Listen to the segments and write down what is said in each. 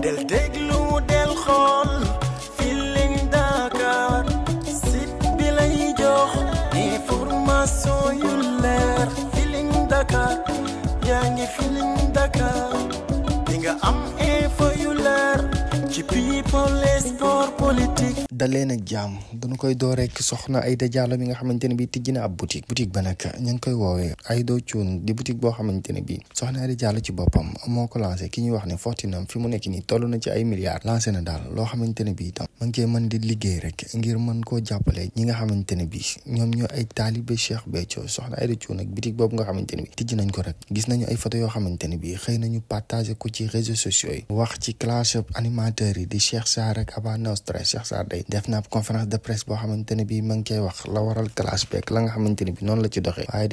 del déglu dal leen ak jàmm dañu koy door rek soxna Aida Diallo mi nga xamante ne bii tijji na ab boutique boutique ba nag ñu ngi koy woowee Aida Cuun di boutique boo xamante ne bii soxna Aida Diallo ci boppam moo ko lancé ki ñuy wax ne Fortinam fi mu nekk nii toll na ci ay milliards lancé na daal loo xamante ne bii tam man cee mën di liggéey rek ngir mën koo jàppale ñi nga xamante ne bii ñoom ñoo ay taalibe Cheikh Béthio soxna Aida nag boutique boobu nga xamante ne bii tijji nañ ko rek gis nañu ay photo yoo xamante ne bii xëy nañu partagé ko ci réseaux sociaux yi wax ci classe animateurs yi Cheikh Sarr ak Aba ne bii ma ngi cay wax la waral clash beeg la nga xamante ne bi noonu la ci doxee ak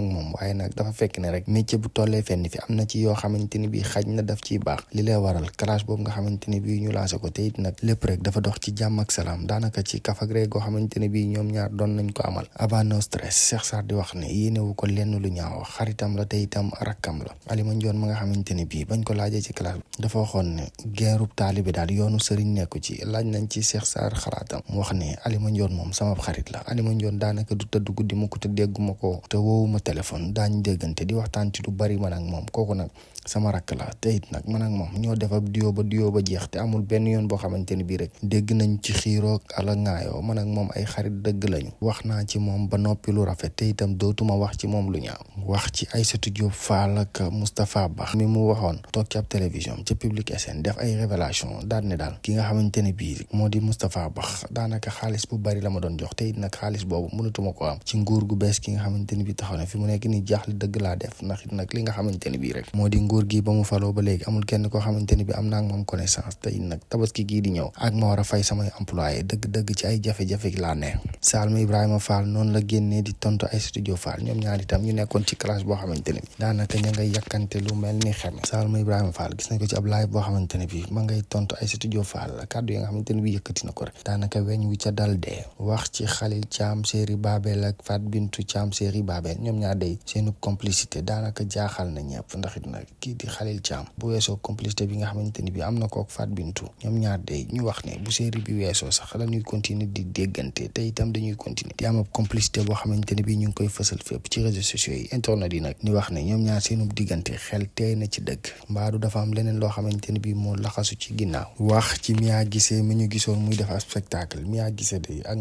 moom waaye nag dafa rek métier bu tollee fenn fi am na ci yoo xamante ne bi xaj na daf ciy baax li lay waral clash boobu nga ne bi ñu ko te it nag lépp rek dafa dox ci jàmm ak salaam daanaka ci kafak rek goo xamante ne bi ñoom ñaar doon nañ ko amal Aba Nostra Cheikh Sarr di wax ne yéenewu ko lenn lu ñaaw xaritam la te itam rakkam la Alima Ndione ma nga xamante ne bii bañ ko laajee ci classe dafa waxoon ne geerub taalibe daal yoonu sëriñ nekku ci laaj nañ ci Cheikh Sarr xalaatam mu wax ne Alima Ndione moom sama xarit la Alima Ndione daanaka du tëdd guddi ma ko te dégguma ko te woowuma téléphone daañ déggante di waxtaan ci lu bari man ak moom kooku nag sama rakk te it nag man ak moom ñoo def ab diwo ba diwo ba jeex te amul benn yoon boo xamante ne bii rek dégg nañ ci xiiroog ala ŋaayoo man ak moom ay xarit dëgg lañu wax naa ci moom ba noppi lu rafet te itam dootuma wax ci moom lu ñaaw wax ci Aïssatou Diop Fall ak Moustapha Ba mi mu waxoon toog ci ab télévision ci Public SN def ay révélation daal ne daal ki nga xamante ne bii moo di Moustapha Ba daanaka xaalis bu bari la ma doon jox te it nag xaalis boobu mënatuma ko am ci nguur gu bees ki nga xamante ne bii taxaw na fi mu nekk ni jaaxle dëgg laa def ndax it li nga xamante ne bii rek moo di nguur gi ba mu faloo ba léegi amul kenn koo xamante ne bii am naa ak moom connaissance te it nag tabaski gii di ñëw ak ma war a fay samay employé dëgg-dëgg ci ay jafe-jafe laa ne Salma Ibrahima Fall noonu la génnee di tontu ay Diop Fall ñoom ñaar itam ñu nekkoon ci classe boo xamante ne bi daanaka ña ngay yàkkante lu mel ni xeme Salma Ibrahima Fall gis nañ ko ci ab live boo xamante ne bi ma ngay tontu Aïssatou Diop Fall la kàddu yi nga xamante ne bi yëkkati na ko rek daanaka weñ wu ca dal dee wax ci Khalil Thiam Séri Babel ak Fat Bintou Thiam Séri Babel ñoom ñaar day seenu complicité daanaka jaaxal na ñëpp ndax it nag kii di Khalil Thiam bu weesoo complicité bi nga xamante ne bi am na kook Fat Bintou ñoom ñaar day ñu wax ne bu Séri bi weesoo sax la ñuy continuer di déggante te itam dañuy continuer di am boo xamante ne bi ñu ngi koy fësal fépp ci réseaux sociaux yi internet yi nag ni wax ne ñoom ñaar seenu diggante xel tey na ci dëgg mbaadu dafa am leneen loo xamante ne bii moo laxasu ci ginnaaw wax ci Mia Guissé mi ñu gisoon muy def ab spectacle Mia Guissé de ak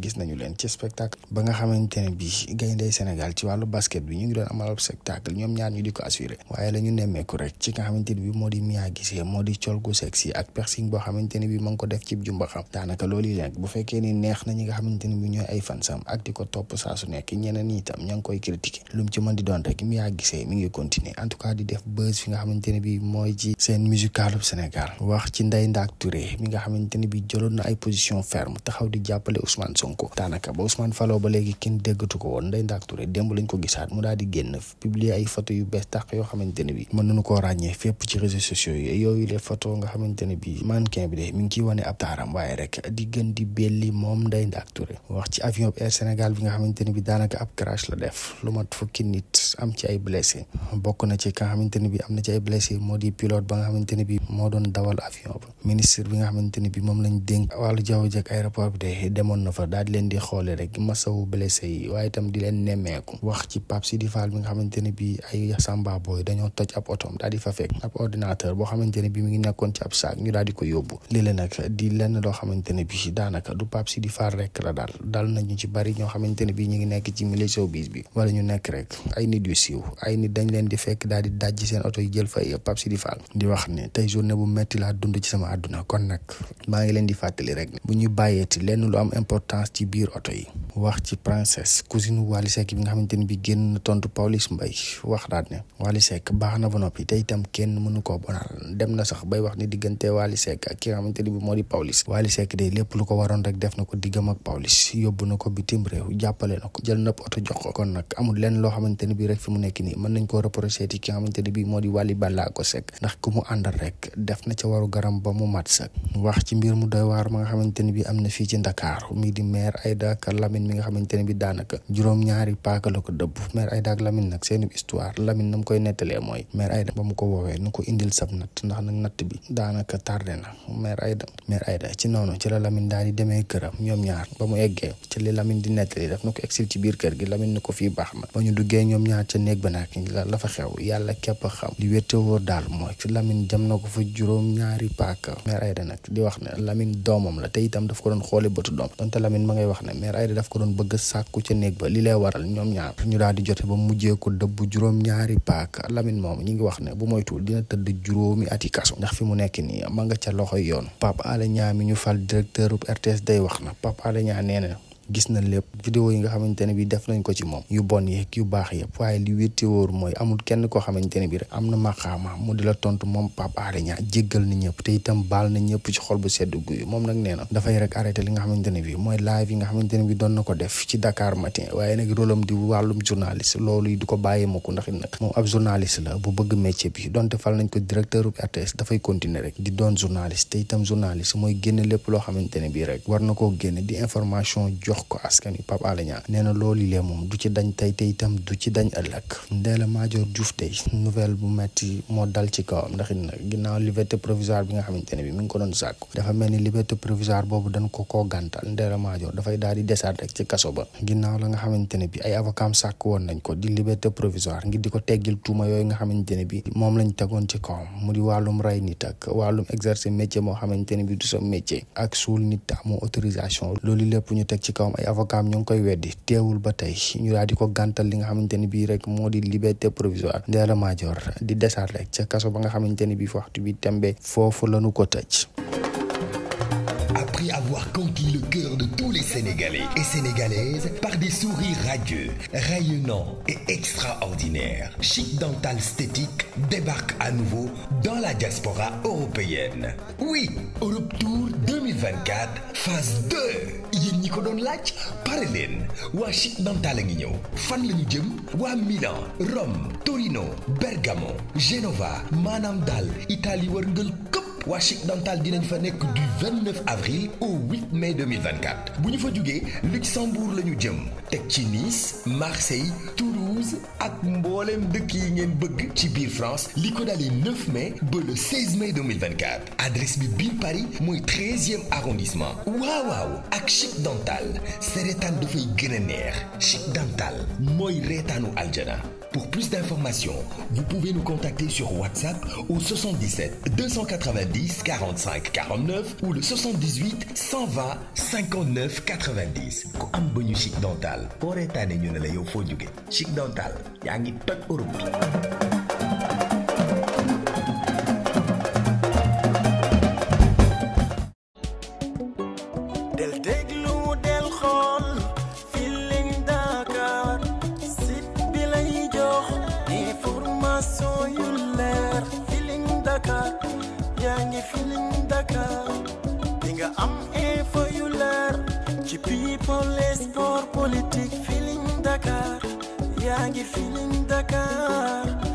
gis nañu leen ci spectacle ba nga xamante ne bii gayndey Sénégal ci wàllu basket bi ñu ngi doon amal ab spectacle ñoom ñaar ñu di ko assuré waaye la ñu nemmeeku rek ci nga xamante ne bii moo di Mia Guissé moo di col gu sexy ak piercing boo xamante ne bii ma ngi ko def ci jumba xam daanaka loolu yi bu fekkee ni neex na ñi nga xamante ne bi ñooy ay fan sam ak di ko topp saa su nekk ñeneen ñi itam ña ngi koy critiquer lu mu ci mën di doon rek mi yaa gisee mi ngi continuer en tout cas di def buzz fi nga xamante ne bi mooy ci seen musicalu Sénégal wax ci Ndeye Ndack Touré mi nga xamante ne bi jëloon na ay position ferme taxaw di jàppale Ousmane Sonko daanaka ba Ousmane Fallo ba léegi kenn déggatu ko woon Ndeye Ndack Touré démb lañ ko gisaat mu daal di génn publier ay photo yu bees tax yoo xamante ne bi mën nañu koo ràññee fépp ci réseaux sociaux yooyu les photo nga xamante ne bi mannequin bi de mi ngi ciy wane ab taaram waaye rek di gën di belli moom Ndeye Ndack Touré wax ci avion Air Sénégal bi nga xamante ne bi daanaka ab crash la def fukki nit am ci ay blessé bokk na ci ka nga xamante ne bi am na ci ay blessé moo di pilote ba nga xamante ne bi moo doon dawal avion ministre bi nga xamante ne bi moom lañ dénk wàllu jaww ji ak bi de demoon na fa daal di leen di xoole rek masawu blessé wax ci Pape Sidi Fall bi ne bi ay daal di fa mi ngi nekkoon ci ab saak ñu daal di ko yóbbu léeg-léeg nag di lenn loo xamante ne bi daanaka du Pape Sidi Fall ci bari ñoo xamante ne bi ñu ngi nekk ci milieu showbiz bi wala ñu nekk rek ay nit yu siiw ay nit dañ leen di fekk daal di dajji seen oto yi jël fa eh, Pape Sidi Fall di wax ne tey journée bu metti laa dund ci sama àdduna kon nag maa ngi leen di fàttali rek bu ñu bàyyeeti lenn lu am importance ci biir oto yi wax bi nga xamante ni bi génn tontu Pawlish Mbaye wax daat ne Wally baax na ba noppi tey itam kenn mënu koo bonal dem na sax bay wax ni diggante Wally Seck ak ki nga xamante bi moo di Pawlish Wally Seck day lépp lu ko waroon rek def na ko diggam ak Pawlish yóbbu na ko bitim réew jàppale na ko jël na oto jox kon nag amul lenn loo xamante ne bii rek fi mu nekk nii mën nañ koo reproché ci ki nga xamante ne bii moo di Wally Ballago Seck ndax ku mu àndal rek def na ca waru garam ba mu mat sax wax ci mbir mu doy waar ma nga xamante ne bii am na fii ci Ndakaaru mi di maire Aïda ak Lamine mi nga xamante ne bii daanaka juróom-ñaari paaka la ko dëbb maire Aïda ak Lamine nag seen histoire Lamine na mu koy nettalee mooy maire Aïda ba mu ko woowee nu ko indil sab natt ndax nag natt bi daanaka tardé na maire Aïda maire Aïda ci noonu ci la Lamine daal di demee këram ñoom ñaar ba mu eggee ci li Lamine di nettali daf na ko exil biir kër gi Lamine na ko fii baax na duggee ñoom ñaar ca néeg ba nag la la fa xew yàlla képp xam li wér daal mooy ci Lamine jam na ko fa juróom ñaari paaka mère Aïda nag di wax ne Lamine doomam la te itam daf ko doon xoole bëtu doom donte Lamine ma ngay wax ne mère Aïda daf ko doon bëgg sàkku ca néeg ba li lay waral ñoom ñaar ñu daal di jote ba mujjee ko dëbb juróom ñaari paaka lamin moom ñu ngi wax ne bu moytu dina tëdd juróomi ati kaso ndax fi mu nekk nii ma nga ca loxoy yoon Pape Alé Niang mi ñu fal directeur RTS day wax na Pape Alé nee na gis nañ lépp vidéo yi nga xamante ne bi def nañ ko ci moom yu bon yeeg yu baax yëpp waaye li wér te wóor mooy amul kenn koo xamante ne bi rek am na maqaama mu di la tontu moom Pape Alé Niang na ñëpp te itam baal na ñëpp ci xol bu sedd guyu moom nee na dafay rek arrêté li nga xamante ne bi mooy live yi nga xamante ne bi doon na ko def ci Dakar matin waaye nag rôlam di wàllum journaliste loolu yi du ko bàyyee ma ko ndax it nag moom ab journaliste la bu bëgg métier bi donte fal nañ ko directeur bu RTS dafay continuer rek di doon journaliste te itam journaliste mooy génn lépp loo xamante ne bi rek war na koo génne di information jox jox ko askan wi Pape Alé Niang nee na loolu lee moom du ci dañ tey te itam du ci dañ ëllëg Ndella Madior Diouf tey nouvelle bu metti moo dal ci kawam ndax it ginnaaw liberté provisoire bi nga xamante ne bi mi ngi ko doon sàkku dafa mel ni liberté provisoire boobu dañ ko ko gàntal Ndella Madior dafay daal di desaat rek ci kaso ba ginnaaw la nga xamante ne bi ay avocat am sàkk woon nañ ko di liberté provisoire ngi di ko teggil tuma yooyu nga xamante ne bi moom lañ tegoon ci kawam mu di wàllum rey ni ak wàllum exercer métier moo xamante ne bi du sa métier ak suul nit amoo autorisation loolu lépp ñu kawam ay avocat ñu ngi koy weddi teewul ba tey ñu daal di ko gàntal li nga xamante ni bii rek moo di liberté provisoire Ndella Madior di desaat rek ca kaso ba nga xamante ni bii fa waxtu bi tembe foofu lañu ko tëj. Après avoir conquis le cœur de Sénégalais et Sénégalaises par des sourires radieux, rayonnants et extraordinaires. Chic Dental Stétique débarque à nouveau dans la diaspora européenne. Oui, Europe Tour 2024, phase 2. yéen ñi ko doon laaj pare leen waa Chic Dental a fan la ñu jëm waa Milan Rome Torino Bergamo Genova maanaam Italie wërngël waa Washington Tal dinañ fa nekk du 29 avril au 8 mai bu ñu fa jugee Luxembourg la ñu jëm teg ci Nice Marseille Toulouse ak mbooleem dëkk yi ngeen bëgg ci biir France li ko dalee 9 mai ba le 16 mai 2024 adresse bi biir Paris mooy 13e arrondissement waaw waaw ak Chic Dental sa reetaan dafay gën a neex Chic Dental mooy reetaanu aljana Pour plus d'informations, vous pouvez nous contacter sur WhatsApp au 77 290 45 49 ou le 78 120 59 90 ku am ba ñu chic dental boo reetaane ñu ne la yow foo jóge chic dental yaa ngi toj Europe information yu leer Feeling Dakar yaa nga am info yu leer ci people et sport politique Feeling ngi Feeling Dakar